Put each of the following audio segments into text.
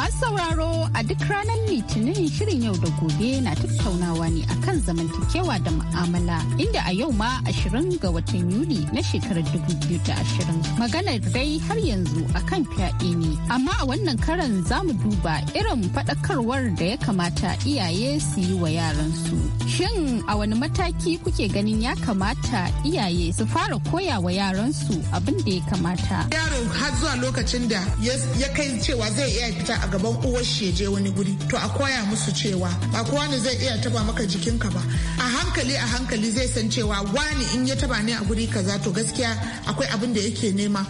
Masu sauraro a duk ranar Litinin shirin yau da gobe na tattaunawa ne akan zamantakewa da mu'amala inda a yau ma 20 ga watan Yuli na shekarar 2020. Maganar dai har yanzu akan fyaɗe ne, amma a wannan karan za mu duba irin faɗakarwar da ya kamata iyaye su yi wa yaransu. Shin a wani mataki kuke ganin ya kamata iyaye su fara koya wa yaransu abin da ya kamata? Yaro har zuwa lokacin da ya kai cewa zai iya fita gaban uwar shi je wani guri to a koya musu cewa ba kowa ne zai iya taba maka jikinka ba a hankali a hankali zai san cewa wani in ya taba ne a guri kaza to gaskiya akwai abin da yake nema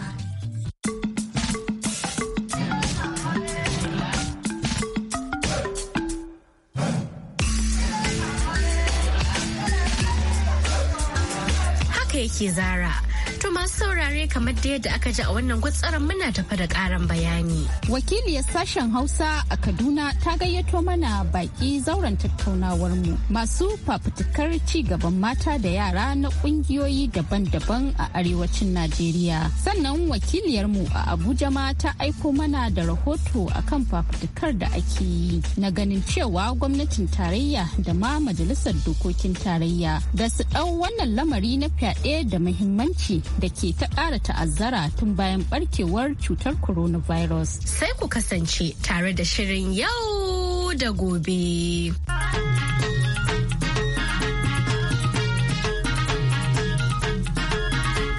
haka yake zara To masu saurare kamar da yadda aka ji a wannan gutsaran muna tafa da karan bayani. Wakiliyar sashen Hausa a Kaduna ta gayyato mana baki zauren tattaunawar mu masu fafutukar ci gaban mata da yara na kungiyoyi daban-daban a arewacin Najeriya. Sannan wakiliyar mu a Abuja ma ta aiko mana da rahoto akan fafutukar da ake yi na ganin cewa gwamnatin tarayya da ma majalisar dokokin tarayya da su ɗau wannan lamari na fyaɗe da muhimmanci da ke ta ƙara ta'azzara tun bayan barkewar cutar coronavirus. Sai ku kasance tare da shirin yau da gobe.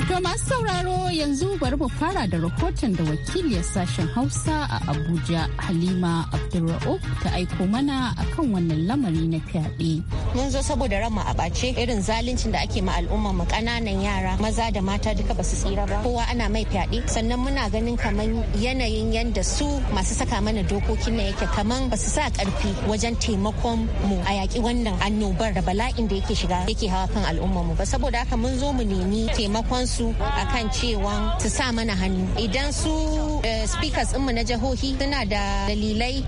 To masu sauraro yanzu bari mu fara da rahoton da ya sashen Hausa a Abuja Halima Abdulra'uf ta aiko mana akan wannan lamari na fyaɗe. Mun zo saboda ranmu a ɓace irin zaluncin da ake ma al'ummar mu ƙananan yara maza da mata duka basu tsira ba kowa ana mai fyaɗe sannan muna ganin kaman yanayin yanda su masu saka mana dokokin na yake kaman basu sa ƙarfi wajen taimakon mu a yaƙi wannan annobar da bala'in da yake shiga yake hawa kan al'umma mu ba saboda haka mun zo mu nemi taimakon su a kan cewa su sa mana hannu idan su eh, speakers mu na jihohi suna da dalilai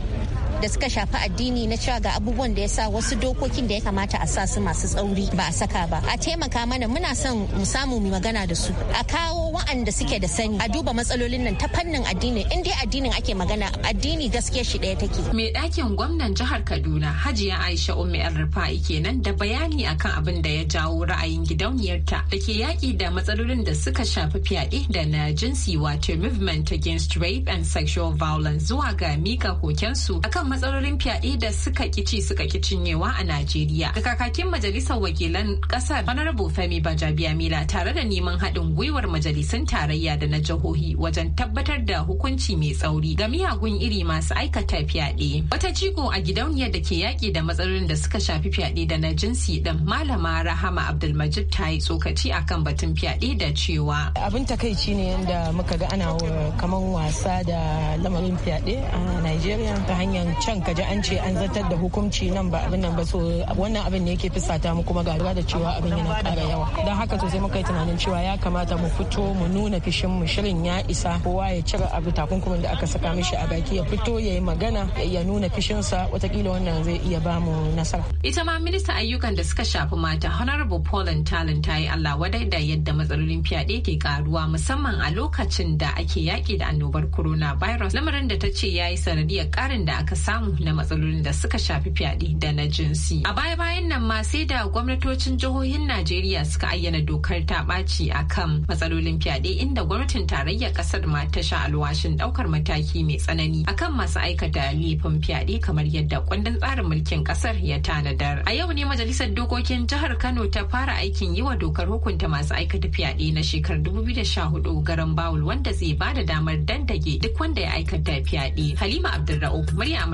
da suka shafi addini na cewa ga abubuwan da ya sa wasu dokokin da ya kamata a sa su masu tsauri ba a saka ba a taimaka mana muna son mu samu mu magana da su a kawo wa'anda suke da sani a duba matsalolin nan ta fannin addini in dai addinin ake magana addini gaskiya shi ɗaya take mai ɗakin gwamnan jihar kaduna hajiya aisha ummi rufa'i kenan da bayani akan abin da ya jawo ra'ayin gidauniyarta da ke yaki da matsalolin da suka shafi fyaɗe da na jinsi wato movement against rape and sexual violence zuwa ga mika kokensu akan kan matsalolin fyaɗe da suka kici suka ki cinyewa a Najeriya. Da kakakin majalisar wakilan ƙasar Honorable Femi Bajabiamila tare da neman haɗin gwiwar majalisun tarayya da na jihohi wajen tabbatar da hukunci mai tsauri ga miyagun iri masu aikata fyaɗe. Wata jigo a gidauniyar da ke yaƙi da matsalolin da suka shafi fyaɗe da na jinsi ɗin Malama Rahama Abdulmajid ta yi tsokaci a kan batun fyaɗe da cewa. Abin takaici ne yadda muka ga ana kamar wasa da lamarin fyaɗe a Najeriya ta hanyar can ka ji an ce an zartar da hukunci nan ba abin nan ba so wannan abin ne yake fusata mu kuma ga da cewa abin yana kara yawa don haka sosai sai muka yi tunanin cewa ya kamata mu fito mu nuna fishin mu shirin ya isa kowa ya cire abu takunkumin da aka saka mishi a baki ya fito ya yi magana ya nuna fishin sa watakila wannan zai iya ba mu nasara. Ita ma minista ayyukan da suka shafi mata Honorable Pauline talent ta yi Allah wadai da yadda matsalolin fyaɗe ke karuwa musamman a lokacin da ake yaƙi da annobar corona virus lamarin da ta ce ya yi sanadiyar ƙarin da aka samu na matsalolin da suka shafi fyaɗe da na jinsi. A baya-bayan nan ma sai da gwamnatocin jihohin Najeriya suka ayyana dokar ta ɓaci a kan matsalolin fyaɗe inda gwamnatin tarayyar ƙasar ma ta sha alwashin ɗaukar mataki mai tsanani a kan masu aikata laifin fyaɗe kamar yadda kundin tsarin mulkin ƙasar ya tanadar. A yau ne majalisar dokokin jihar Kano ta fara aikin yi wa dokar hukunta masu aikata fyaɗe na shekarar 2014 garan Bawul wanda zai ba da damar dandage duk wanda ya aikata fyaɗe. Halima Abdulra'uf, murya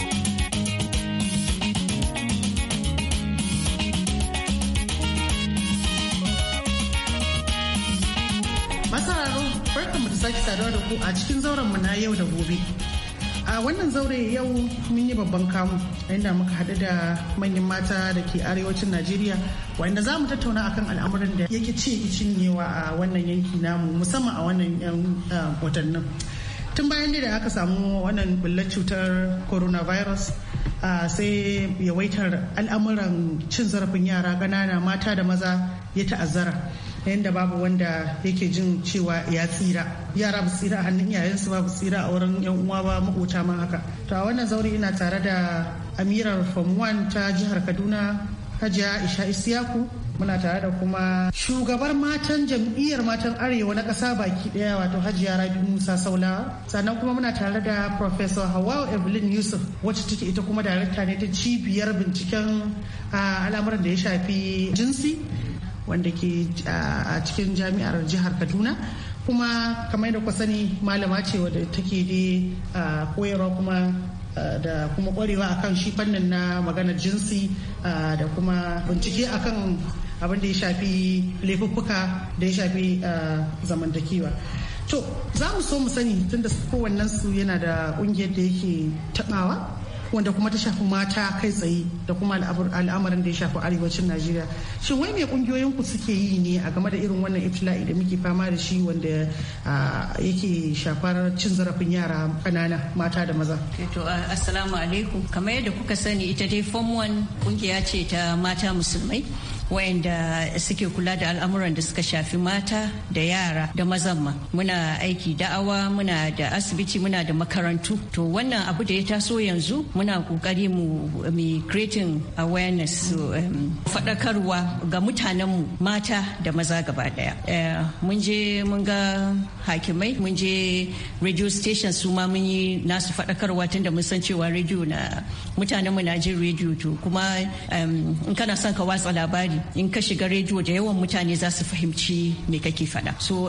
mu na yau da gobe. A wannan zaure yau mun yi babban kamu inda muka haɗu da manyan mata da ke arewacin Najeriya wanda za mu tattauna akan al'amuran da yake ce cinyewa a wannan yanki namu musamman a wannan 'yan watannin. Tun bayan da aka samu wannan bullar cutar coronavirus sai yawaitar al'amuran cin zarafin yara ƙanana mata da maza ya ta'azzara yadda babu wanda yake jin cewa ya tsira yara ba tsira a hannun iyayensu ba tsira a wurin yan uwa ba makota ma haka to a wannan zaure ina tare da amirar form 1 ta jihar kaduna hajiya isha isiyaku muna tare da kuma shugabar matan jam'iyyar matan arewa na ƙasa baki ɗaya wato hajiya rabi musa saulawa sannan kuma muna tare da professor hawa evelyn yusuf wacce take ita kuma darakta ne ta cibiyar binciken ah, al'amuran da ya shafi jinsi wanda ke a cikin jami'ar jihar kaduna kuma kamar da ku sani malama ce wadda take da koyarwa kuma da kuma kwarewa akan shi fannin na maganar jinsi da kuma bincike akan abin da ya shafi laifuffuka da ya shafi zamantakewa to za mu so mu sani tunda kowannen su yana da kungiyar da yake tabawa wanda kuma ta shafi mata kai tsaye da kuma al'amarin da ya shafi arewacin najeriya shin wai me kungiyoyin ku suke yi ne a game da irin wannan iftila'i da muke fama da shi wanda yake shafar cin zarafin yara kanana mata da maza eh, to assalamu alaikum kamar yadda kuka sani ita dai form one kungiya ce ta mata musulmai wayanda suke kula da al'amuran da suka shafi mata da yara da mazan muna aiki da'awa muna da asibiti muna da makarantu to wannan abu da ya taso yanzu muna kokari mu mai creating awareness um, faɗakarwa ga mutanenmu mata da maza gaba daya eh, mun je mun ga hakimai mun je radio station su ma mun yi nasu faɗakarwa da mun san cewa radio na mutanenmu na jin radio to kuma um, in kana son ka watsa labari in ka shiga rediyo da yawan mutane za su fahimci me kake faɗa so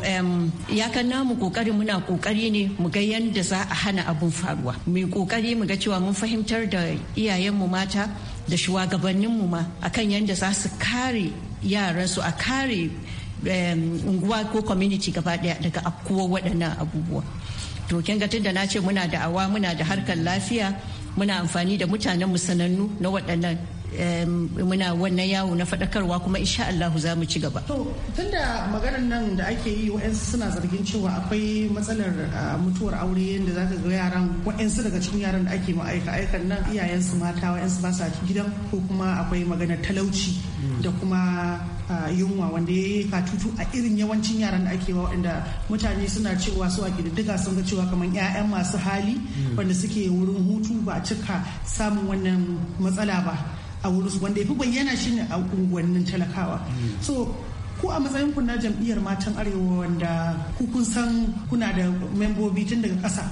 ya kan namu kokari muna kokari ne mu ga yadda za a hana abun faruwa mu kokari mu ga cewa mun fahimtar da iyayenmu mata da shugabanninmu ma akan yadda za su kare yaransu a kare unguwa ko community gaba ɗaya daga afkuwar waɗannan abubuwa to kin ga tunda na ce muna da awa muna da harkar lafiya muna amfani da mutanen musanannu na waɗannan muna wannan yawo na faɗakarwa kuma insha Allah za mu ci gaba. To tunda maganar nan da ake yi wa'ansu suna zargin cewa akwai matsalar mutuwar aure yadda za ka ga yaran wa'ansu daga cikin yaran da ake ma'aika aikan nan iyayensu mata wa'ansu ba sa gidan ko kuma akwai maganar talauci da kuma yunwa wanda ya yi katutu a irin yawancin yaran da ake wa wanda mutane suna cewa su a ƙididdiga sun ga cewa kamar 'ya'yan masu hali hmm. wanda suke wurin hutu ba a cika samun wannan matsala ba a wurin wanda ya fi bayyana shine a unguwannin talakawa so ku a matsayin ku na jam'iyyar matan arewa wanda ku kun san kuna da membobi tun daga ƙasa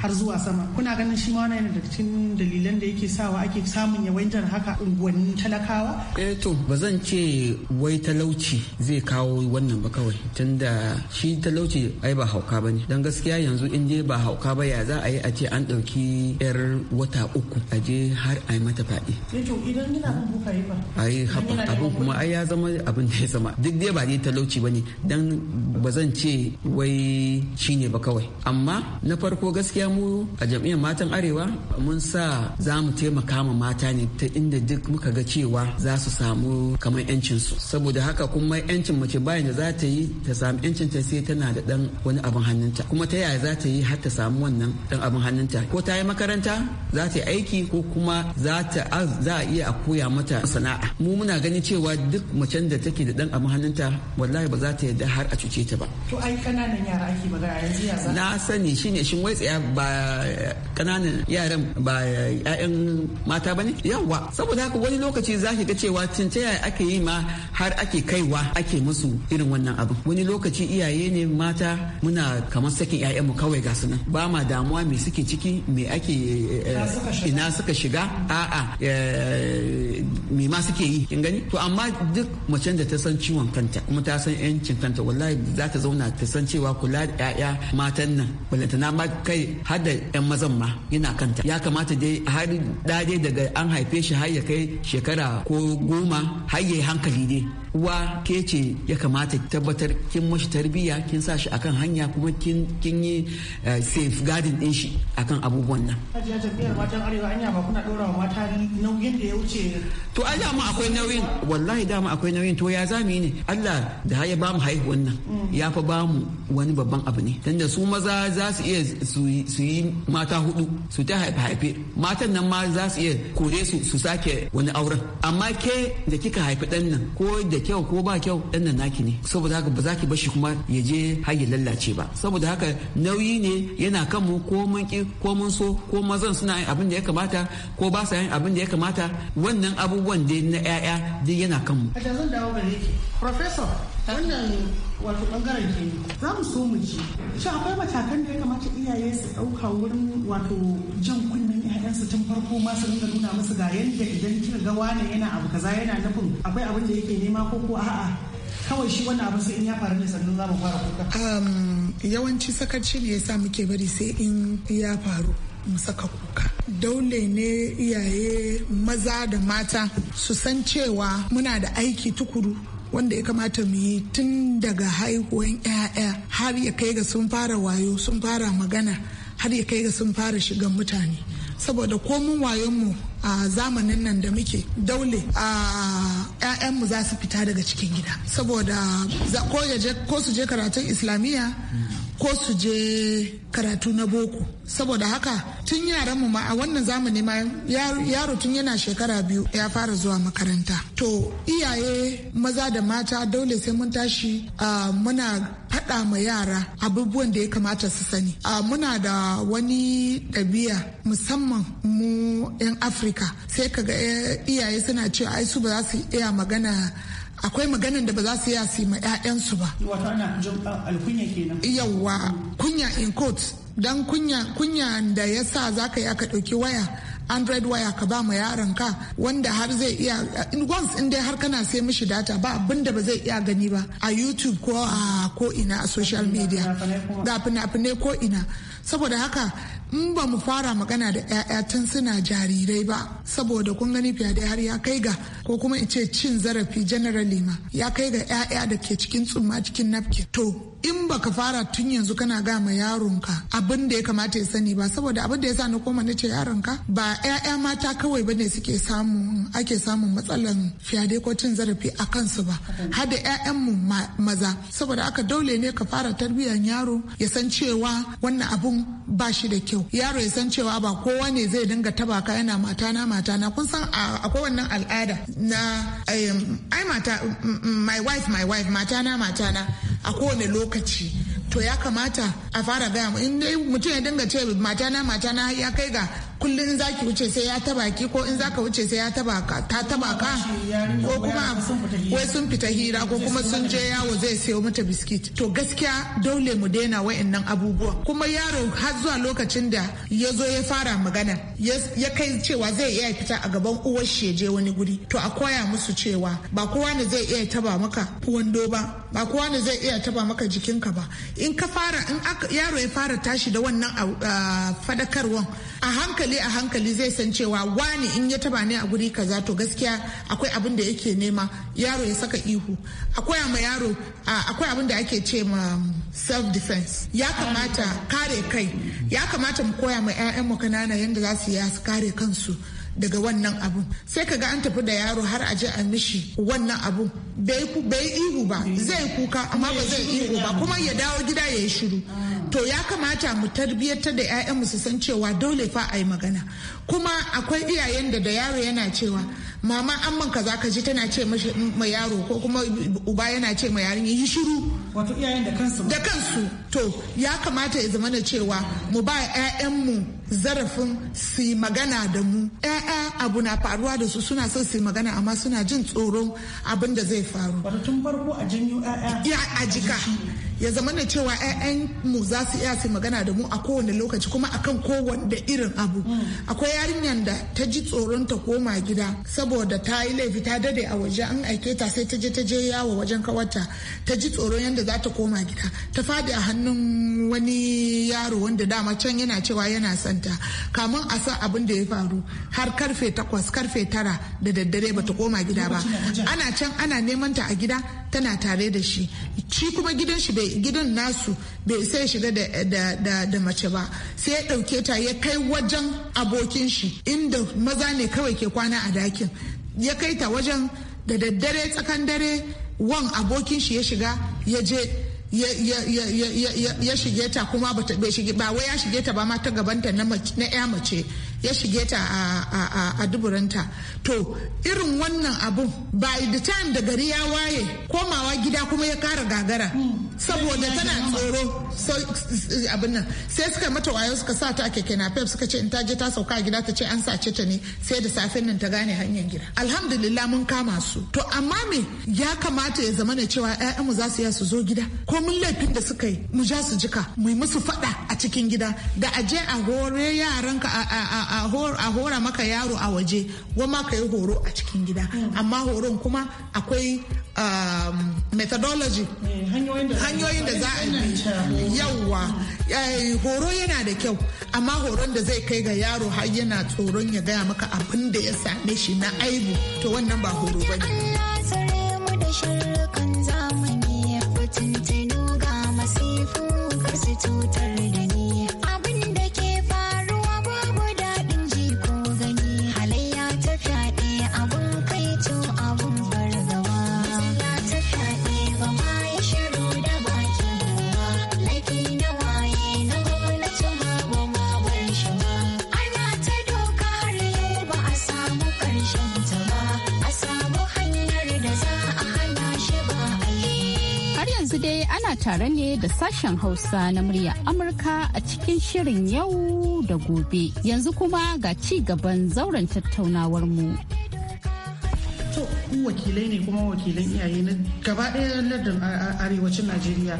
har zuwa sama kuna ganin shi ma yana daga cikin dalilan da yake sawa ake samun yawaitar haka unguwannin talakawa eh to ba zan ce wai talauci zai kawo wannan ba kawai tunda shi talauci ai ba hauka ba ne don gaskiya yanzu in je ba hauka ba ya za a yi a ce an ɗauki yar wata uku a je har a yi mata eh faɗi. Eh idan yana abin kuma ai ya zama abin da ya zama duk dai gaskiya ba talauci ba ne dan ba zan ce wai shi ne ba kawai amma na farko gaskiya mu a jam'iyyar matan arewa mun sa za mu taimaka ma mata ne ta inda duk muka ga cewa za su samu kamar su saboda haka kuma yancin mace bayan da za ta yi ta samu yancin ta sai tana da dan wani abin hannunta kuma ta yaya za ta yi har ta samu wannan dan abin hannunta ko ta yi makaranta za ta yi aiki ko kuma za ta za a iya a koya mata sana'a mu muna ganin cewa duk macen da take da dan abin hannunta ta wallahi ba za ta yadda har a cuce ta ba to ai kananan yara ake a yanzu ya na sani shine shin wai tsaya ba kananan yaran ba ƴaƴan mata ba ne yawa saboda haka wani lokaci za ki ga cewa yaya ake yi ma har ake kaiwa ake musu irin wannan abu wani lokaci iyaye ne mata muna kamar sakin mu kawai ga sunan ba ma damuwa me suke ciki me ake eh, ina suka shiga a'a eh, me ma suke yi kin gani to amma duk macen da ta san ciwon kai kanta kuma ta san yancin kanta wallahi za ta zauna ta san cewa kula da 'ya'ya matan nan balantana ma kai har da 'yan mazan ma yana kanta ya kamata dai har dade daga an haife shi har ya kai shekara ko goma har ya hankali dai uwa ke ce ya kamata tabbatar kin mashi tarbiyya kin sa shi akan hanya kuma kin yi eh, safeguarding din shi akan abubuwan nan. Hajiya jam'iyyar matan arewa anya ba kuna dora wa mata nauyin da ya wuce. To ai dama akwai nauyin wallahi dama akwai nauyin to ya zami ne Allah da ya ba mu haihuwan nan ya fa ba mu wani babban abu ne tanda su maza za su iya su yi mata hudu su ta haife haife matan nan ma za su iya kore su su sake wani auren amma ke da kika haifi dan nan ko da kyau ko ba kyau dan nan naki ne saboda haka ba za ki bashi kuma ya je har lallace ba saboda haka nauyi ne yana kan mu ko mun ki ko mun so ko mazan suna yin abin da ya kamata ko ba sa yin abin da ya kamata wannan abubuwan dai na 'ya'ya dai yana kan mu. Professor, wannan wato bangaren ke za mu so mu ji. Shi akwai matakan da ya kamata iyaye su dauka wurin wato jan kunnen ‘ya'yansu tun farko ma su dinga nuna musu ga yadda idan kika ga wani yana abu kaza yana nufin akwai abin da yake nema ko ko a'a kawai shi wani abu sai in ya faru ne sannan za mu fara kuka. yawanci sakaci ne yasa muke bari sai in ya faru. mu saka kuka. Daule ne iyaye maza da mata su san cewa muna da aiki tukuru wanda ya kamata mu yi tun daga haihuwan 'ya'ya har ya kai ga sun fara wayo sun fara magana har ya kai ga sun fara shigan mutane saboda wayon wayonmu a zamanin nan da muke daule a 'ya'yanmu za su fita daga cikin gida saboda ko su je karatun islamiyya ko su je karatu na boko saboda haka tun yaran mu ma a wannan zamani ma yaro tun yana shekara biyu ya fara zuwa makaranta to iyaye maza da mata dole sai mun tashi muna faɗa ma yara abubuwan da ya kamata su sani muna da wani ɗabi'a musamman mu 'yan afirka sai kaga eh, iyaye suna cewa ai su ba za su iya magana akwai maganan da ba za su yi su ma 'ya'yansu ba wato ah, kunya in court dan kunya da ya sa za ka yi aka ɗauki waya android waya ka ba ma yaron ka wanda har zai iya in once in dai har kana sai mishi data ba abin da ba zai iya gani ba a youtube ko a ko ina a social media ga fina-finai ko ina saboda haka in ba mu fara magana da 'ya'ya tun suna jarirai ba saboda kun gani fyaɗe har ya kai ga ko kuma in ce cin zarafi generally ma ya kai ga 'ya'ya da ke cikin tsumma cikin napkin to in ba ka fara tun yanzu kana gama ma ka abin da ya kamata ya sani ba saboda abin da ya sa na koma na ce ka ba 'ya'ya mata kawai ne suke samun ake samun matsalan fyaɗe ko cin zarafi a kansu ba har da mu maza saboda aka dole ne ka fara tarbiyyar yaro ya san cewa wannan abun ba shi da kyau yaro ya san cewa ba kowa ne zai dinga taba ka yana matana matana kun san akwai wannan al'ada na ai mata my wife my wife matana matana a kowane lokaci to ya kamata a fara gaya in dai mutum ya dinga ce matana matana ya kai ga kullum za ki wuce sai ya taba ki ko in za wuce sai ya taba ka ta taba ka ko kuma wai sun fita hira ko kuma sun je yawo zai sayo mata biskit to gaskiya dole mu daina wayannan abubuwa kuma yaro har zuwa lokacin da ya zo ya fara magana ya kai cewa zai iya fita a gaban uwar shi je wani guri to a koya musu cewa ba kowa ne zai iya taba maka wando ba ba kowa ne zai iya taba maka jikinka ba in ka fara in yaro ya fara tashi da wannan ah, ah, fadakarwan a hankali hankali a hankali zai san cewa wani in ya taba ne a guri kaza to gaskiya akwai abin da yake nema yaro ya saka ihu akwai ma yaro akwai abin da ake ce ma um, self defense ya kamata kare kai ya kamata mu koya ma mu kanana yadda za su yi kare kansu daga wannan abun sai ka ga an tafi da yaro har a je a mishi wannan abun bai ihu ba zai kuka amma ba zai ihu ba kuma ya dawo gida ya yi shiru to ya kamata mu ta da 'ya'yanmu su san cewa dole fa a yi magana kuma akwai iyayen da da yaro yana cewa mama amman kaza ka ji tana ce ma yaro ko kuma uba yana ce ma yarin yi shiru wato iyayen da kansu da kansu to ya kamata ya zama cewa mu ba mu. zarafin su yi magana da mu ya'ya abu na faruwa da su suna son su yi magana amma suna jin tsoron abin da zai faru tun farko a janyo ƴaƴa a jika ya zama na cewa 'ya'yan mu za su iya su magana da mu a kowane lokaci kuma a akan kowanne irin abu mm. akwai yarinyar da ta ji tsoron ta koma gida saboda ta yi laifi ta dade a waje an aike ta sai ta je ta je yawo wajen kawarta ta ji tsoron yadda za ta koma gida ta fadi a hannun wani yaro wanda dama can yana cewa yana son makaranta kamun a san abin da ya faru har karfe takwas karfe tara da daddare bata koma gida ba ana can ana neman ta a gida tana tare da shi shi kuma gidan shi bai gidan nasu bai sai shiga da da mace ba sai ya dauke ta ya kai wajen abokin shi inda maza ne kawai ke kwana a dakin ya kai ta wajen da daddare tsakan dare wan abokin shi ya shiga ya je ya shige ta kuma ba wai ya shige ta ba ma ta gabanta na ya mace ya shige ta a duburanta to irin wannan abun by the time da gari ya waye komawa gida kuma ya kara gagara hmm. saboda tana tsoro abin nan sai suka mata wayo suka sa ta keke pep suka ce in ta je ta sauka gida ta ce an sace ta ne sai da safen nan ta gane hanyar gida alhamdulillah mun kama su to amma me ya kamata ya zama ne cewa mu za su su zo gida ko mun laifin da suka yi mu ja su jika mu yi musu fada a cikin gida da aje a hore yaranka a a hora maka yaro a waje goma ka yi horo a cikin gida mm. amma horon kuma akwai um, methodology eh, hanyoyin da za a yi yawwa eh, horo yana da kyau amma horon da zai kai ga yaro har yana tsoron ya gaya maka abin da ya same shi na aibu to wannan ba horo ba ne kuna tare ne da sashen Hausa na murya Amurka a cikin shirin yau da gobe. Yanzu kuma ga ci gaban zauren tattaunawar mu. ku wakilai ne kuma wakilan iyaye na gaba ɗaya lardin arewacin najeriya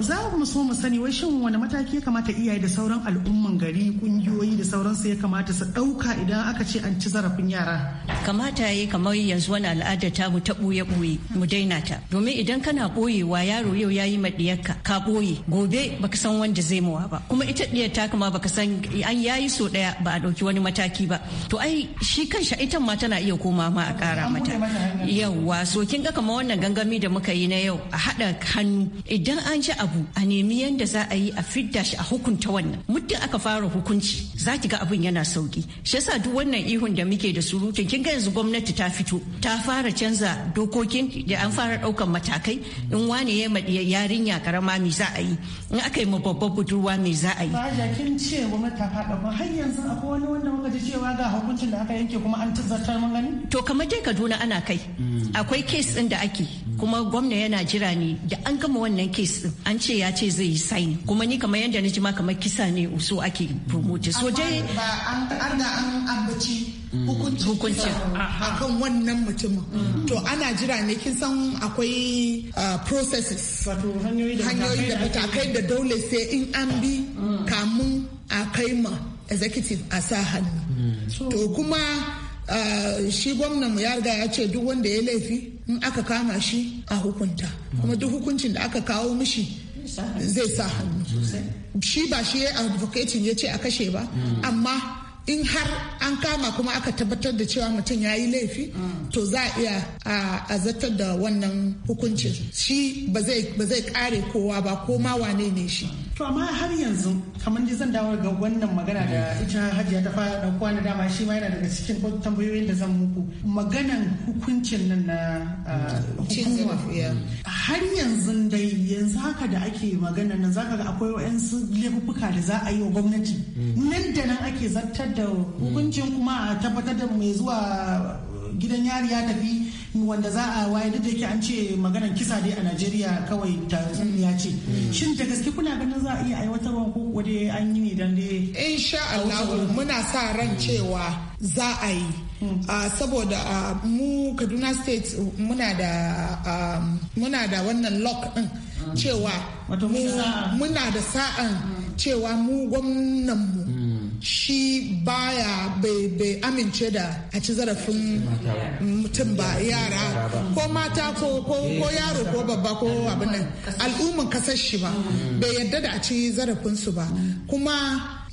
za mu so mu sani wai shin wani mataki ya kamata iyaye da sauran al'umman gari kungiyoyi da sauransu ya kamata su ɗauka idan aka ce an ci zarafin yara kamata yi kamar yanzu wani al'ada ta mu ta ɓuye ɓuye mu daina ta domin idan kana ɓoyewa yaro yau yayi maɗiyarka ka ɓoye gobe baka san wanda zai mawa ba kuma ita ɗiyar ta kama baka san an yayi so ɗaya ba a ɗauki wani mataki ba to ai shi kanshi ita ma tana iya koma ma a ƙara mata yawwa so kin ga kamar wannan gangami da muka yi na yau a haɗa hannu idan an ji abu a nemi yadda za a yi a fidda shi a hukunta wannan muddin aka fara hukunci za ki ga abin yana sauki shi yasa duk wannan ihun da muke da surutun kin ga yanzu gwamnati ta fito ta fara canza dokokin da an fara ɗaukan matakai in wane ya yarinya karama me za a yi in aka yi ma babbar budurwa me za a yi. Baja kin ce gwamnati ta faɗa ba har yanzu akwai wani wanda muka ji cewa ga hukuncin da aka yanke kuma an tazartar mun gani. To kamar dai Kaduna ana kai Mm. akwai kes ɗin da ake kuma gwamna yana jira ne da an gama wannan kes ɗin an ce ya ce zai yi sign kuma ni kamar yadda na ji ma kamar kisa ne so ake promote so dai an an ambaci mm. hukunci ah, ah. akan wannan mutumin mm. to ana jira ne kin san akwai uh, processes hanyoyi da matakai da dole sai in an bi kamun a kai ma executive a sa hannu to kuma Ah, shi gwamnan mu ya riga ya ce duk wanda ya laifi in aka kama shi a hukunta kuma duk hukuncin da aka kawo mishi zai sa hannu shi ba shi ya advocating ya ce a kashe ba amma in har an kama kuma aka tabbatar da cewa mutum ya yi laifi to za a iya a zartar da wannan hukuncin shi ba zai kare kowa ba ko ma wane ne shi to amma har yanzu kamar ji zan dawo ga wannan magana da ita hajiya ta fara ɗaukuwa na dama shi ma yana daga cikin tambayoyin da zan muku maganan hukuncin nan na ah, hukuma har yanzu dai yanzu haka da ake magana nan zaka ga akwai wa'yansu laifuka da za a yi wa gwamnati mm. nan da nan ake zartar da hukuncin kuma a tabbatar da mai zuwa gidan yari ya tafi wanda za a waye duk da yake an ce maganar kisa dai a Najeriya kawai ya ce hmm. shin da gaske kuna ganin za a iya aiwatarwa ko kuwa dai an yi ne dan dai insha Allah muna sa ran cewa za a yi hmm. ah, saboda ah, mu Kaduna state muna da ah, muna da wannan lock din hmm. cewa muna da sa'an cewa mu gwamnan mu shi baya bai amince da a ci zarafin mutum ba yara ko mata ko yaro ko babba ko abin nan al'umman kasar shi ba bai yarda da a ci zarafin su ba kuma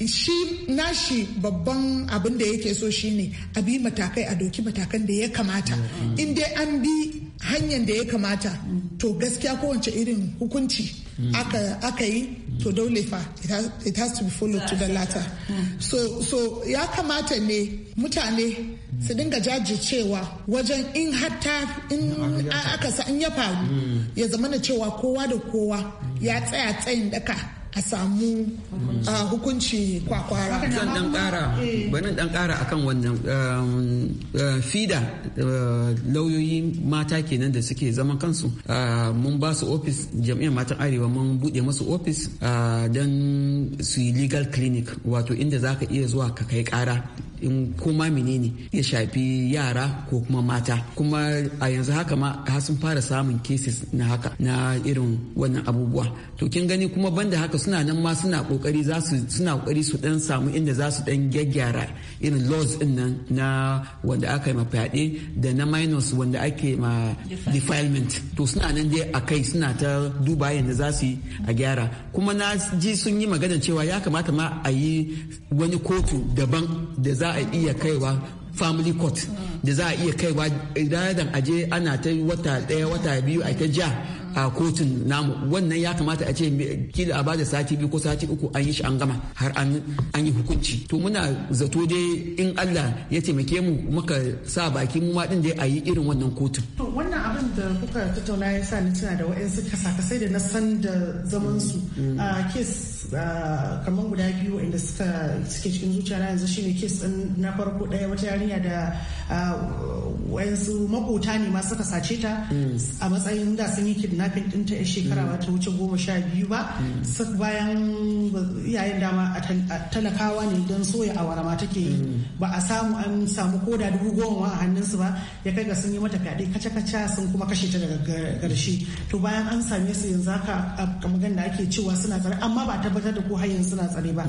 shi nashi babban abin da yake so shine a bi matakai a doki matakan da ya kamata in dai an bi hanyar da ya kamata to gaskiya kowace irin hukunci aka yi to dole fa it has to be followed to the latter so ya kamata ne mutane su dinga jajircewa wajen in hatta in aka sa in ya faru ya zama na cewa kowa da kowa ya tsaya tsayin daka a samu hukunci kwakwara zan dan kara eh. bari dan kara akan wannan um, uh, fida uh, lauyoyi mata kenan da suke zaman kansu uh, mun ba su ofis jami'an matan arewa mun bude masu ofis don su yi legal clinic wato inda za ka iya zuwa ka kai kara in koma menene ya shafi yara ko kuma mata kuma a yanzu haka ma har sun fara samun cases na haka na irin wannan abubuwa to kin gani kuma banda haka suna nan ma suna kokari za su suna kokari su dan samu inda za su dan gyaggyara irin laws din nan na wanda aka yi ma fyaɗe da na minus wanda ake ma defilement to suna nan dai a kai suna ta duba yadda za su a gyara kuma na ji sun yi magana cewa ya kamata ma a yi wani kotu daban da za za a iya kaiwa family court da za a iya kaiwa idan aje ana ta wata daya wata biyu a ta ja a kotun namu wannan ya kamata a ce kila a bada sati biyu ko sati uku an yi shi an gama har an yi hukunci to muna zato dai in Allah ya taimake mu muka sa baki mu ma din dai a yi irin wannan kotun to wannan abin da kuka tattauna ya sa ni tuna da wa'ansu kasakasai da na san da zaman su mm. a kes kamar guda biyu inda suka suke cikin zuciya na yanzu shine kes na farko daya wata yarinya da Ah, wayansu makota ne ma suka sace ta a matsayin da sun yi kidnapping din ta shekara ba ta wuce goma sha biyu ba bayan iyayen dama talakawa ne don soya a ma take yi ba a samu an samu koda dubu goma a hannunsu ba ya kai ga sun yi mata fyaɗe kaca-kaca sun kuma kashe ta daga garshe to bayan an same su yanzu haka a magan da ake cewa suna tsare amma ba tabbatar da ko har yanzu suna tsare ba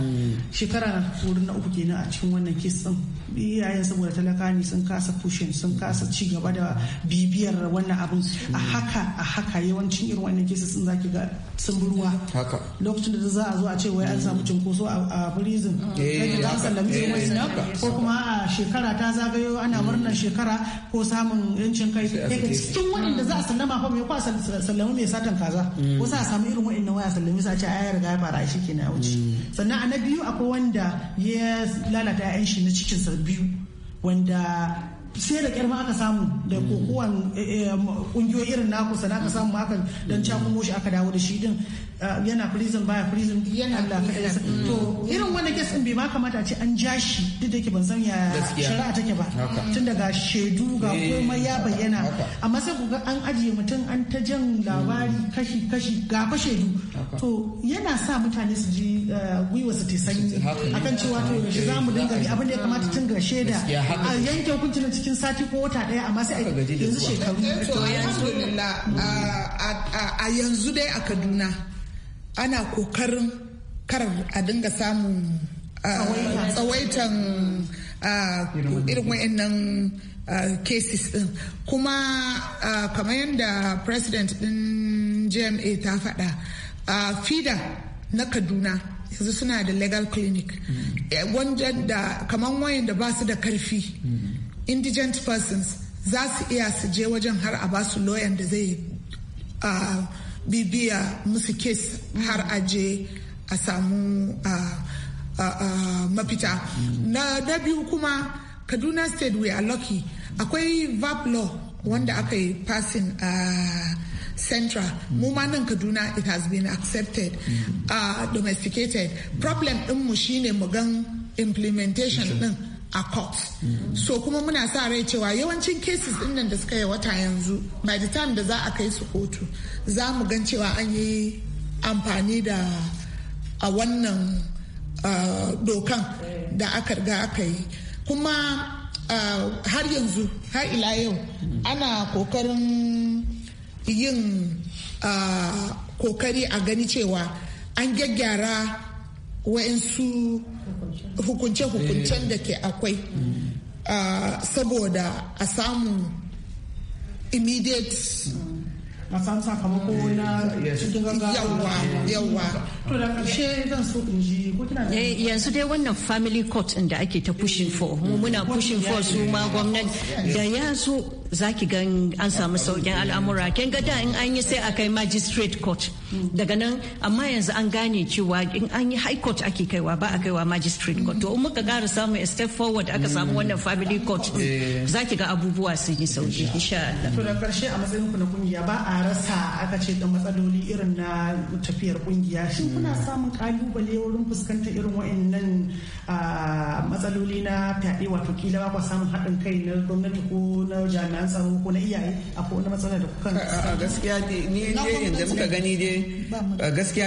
shekara wurin na uku kenan a cikin wannan kes din iyayen saboda talaka ne sun kasa pushing sun kasa ci gaba da bibiyar wannan abin a haka a haka yawancin irin wannan kesa sun zaki ga sun ruwa lokacin da za a zo a ce wai an samu cinkoso a prison eh, eh, ko kuma a shekara ta zagayo ana mm. murnar shekara ko samun yancin kai cikin cikin waɗanda za a sallama fa mai kwa sallama mai satan kaza ko mm. sa a samu irin waɗannan waya sallami sa ce a ya riga ya fara shi kenan ya wuce mm. sannan a na biyu akwai wanda ya lalata 'ya'yan shi na cikinsa biyu wanda sai da kyarma aka samu da mm. kokowan kungiyoyi eh, eh, irin naku sana aka samu aka dan cakun shi aka dawo da shi din yana prison baya prison yana to irin wannan kes din bai ma kamata a ce an ja shi duk da ke ban san ya shari'a take ba tun daga shaidu ga eh, komai ya bayyana amma sai ku ga an ajiye mutum an ta jan labari hmm. kashi kashi ga fa shaidu to yana sa mutane su ji eh, gwiwa su sanyi akan cewa to yaushe za mu dinga abin da ya kamata tun ga shaida a yanke hukuncin cikin sati ko wata daya amma sai yanzu shekaru eh, to hmm. a yanzu dai a Kaduna ana kokarin kar a dinga samun ah, tsawaitan ah, irin wayannan ah, cases din kuma kamar yadda president din gma ta faɗa fida na kaduna yanzu suna da legal clinic eh, wajen da kamar wayan da ba su da karfi indigent persons za su iya su je wajen har a basu su lawyer da zai bibiya musu kes har mm. aje a samu mafita mm. na biyu kuma kaduna state we are lucky akwai vap law wanda aka yi passing a central mu nan kaduna it has been accepted mm. domesticated problem ɗinmu shine mu gan implementation din a court so kuma muna sa rai cewa yawancin cases din nan da suka yi wata yanzu by the time da za a kai su kotu za mu gan cewa an yi amfani da a wannan dokan da aka riga aka yi kuma har yanzu har ila yau ana kokarin yin kokari a gani cewa an gyaggyara wa'insu hukunce-hukuncen da ke akwai saboda a samu immediate a samu sakamako na cikin gaggawa yawa to da karshe zan so in ji ko kina eh, yanzu dai wannan family court da ake ta pushing for muna pushing for su ma gwamnati da ya so za ki gan an samu sauƙin al'amura kin ga da in an yi sai a kai magistrate court daga nan amma yanzu an gane cewa in an yi high court ake kaiwa ba a kaiwa magistrate court to in muka gara samu a step forward aka samu wannan family court eh. za ki ga abubuwa sun yi sauki insha Allah to da karshe a matsayin ku na kungiya ba a rasa aka ce da matsaloli irin na tafiyar kungiya shin kuna samun kalubale wurin fuskantar irin wa'annan ah, matsaloli na fyaɗe wato kila ba ku samun haɗin kai na gwamnati ko na jami'a jami'an tsaro ko na iyaye akwai wani matsala da kuka a gaskiya ni ne yanzu muka gani dai gaskiya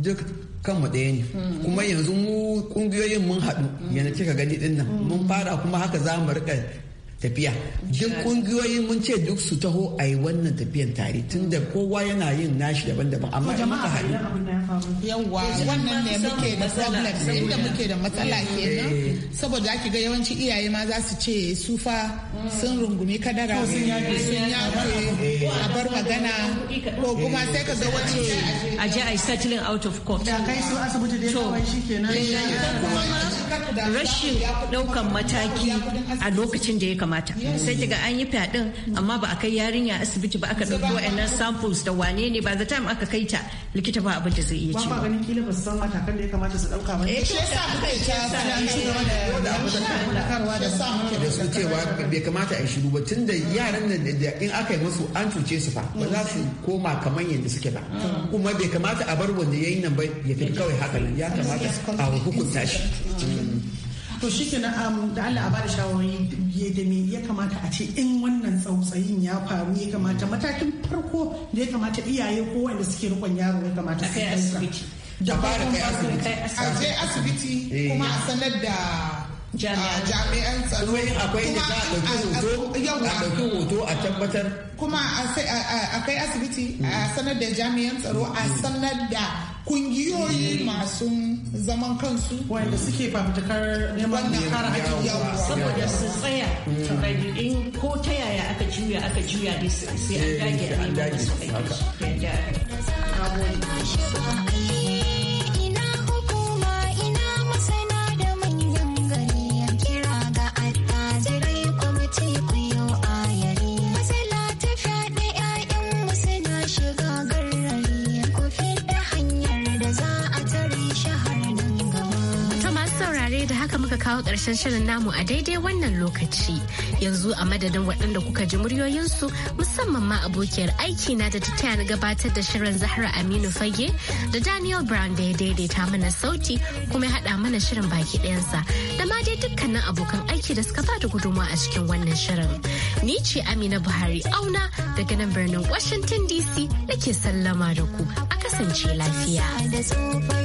duk kan mu ɗaya ne hmm. kuma yanzu mu kungiyoyin mun haɗu hmm. yana cika gani din nan hmm. mun fara kuma haka za mu rika tafiya duk kungiyoyi mun ce duk su taho a yi wannan tafiyan tare da kowa yana yin nashi daban-daban amma da muka haɗu yawa wannan ne muke da problem inda muke da matsala eh. kenan saboda ake ga yawanci iyaye ma za su ce su fa sun rungumi kadara sun yafe eh. a bar magana ko kuma sai ka ga wani. Eh. a je a yi settling out of court da kai su asibiti dai kawai shikenan rashin daukan mataki a lokacin da ya kamata kamata sai daga an yi fyaɗin amma ba a kai yarinya asibiti ba aka ɗauki wa'annan samples da wane ne ba the time aka kai ta likita ba abin da zai iya ci ba ganin kila ba su san matakan da ya kamata su ɗauka ba eh, shi yasa yi ta ci da abu da karwa da sa muke da su cewa bai kamata a yi shiru ba tunda yaran nan da in aka yi musu an cuce su fa ba za su koma kamar yadda suke ba mm. kuma bai kamata a bar wanda ya yi nan ba ya fi kawai haka ya kamata a hukunta shi mm. to shi ke um, da Allah a bada shawarwari da me ya kamata a ce in wannan tsautsayin ya faru ya kamata matakin farko da ya kamata iyaye ko wanda suke rikon yaro ya kamata su kai asibiti da fara kai asibiti a je asibiti kuma a sanar da jami'an tsaro akwai a ɗauki hoto a ɗauki hoto a tabbatar kuma a kai asibiti a mm. sanar da jami'an tsaro a mm. sanar da kungiyoyi mm. masu zaman kansu wanda suke fafutukar neman da kara saboda su tsaya mm. in ko ta yaya aka juya aka juya sai an eh, dage a neman su aiki. kawo ƙarshen shirin namu a daidai wannan lokaci. Yanzu a madadin waɗanda kuka ji muryoyinsu musamman ma abokiyar aiki na da ta gabatar da shirin Zahra Aminu Fage da Daniel Brown da ya daidaita mana sauti kuma ya haɗa mana shirin baki ɗayansa da ma dai dukkanin abokan aiki da suka bada gudunmawa a cikin wannan shirin. Ni ce Amina Buhari Auna daga nan birnin Washington DC nake sallama da ku a kasance lafiya.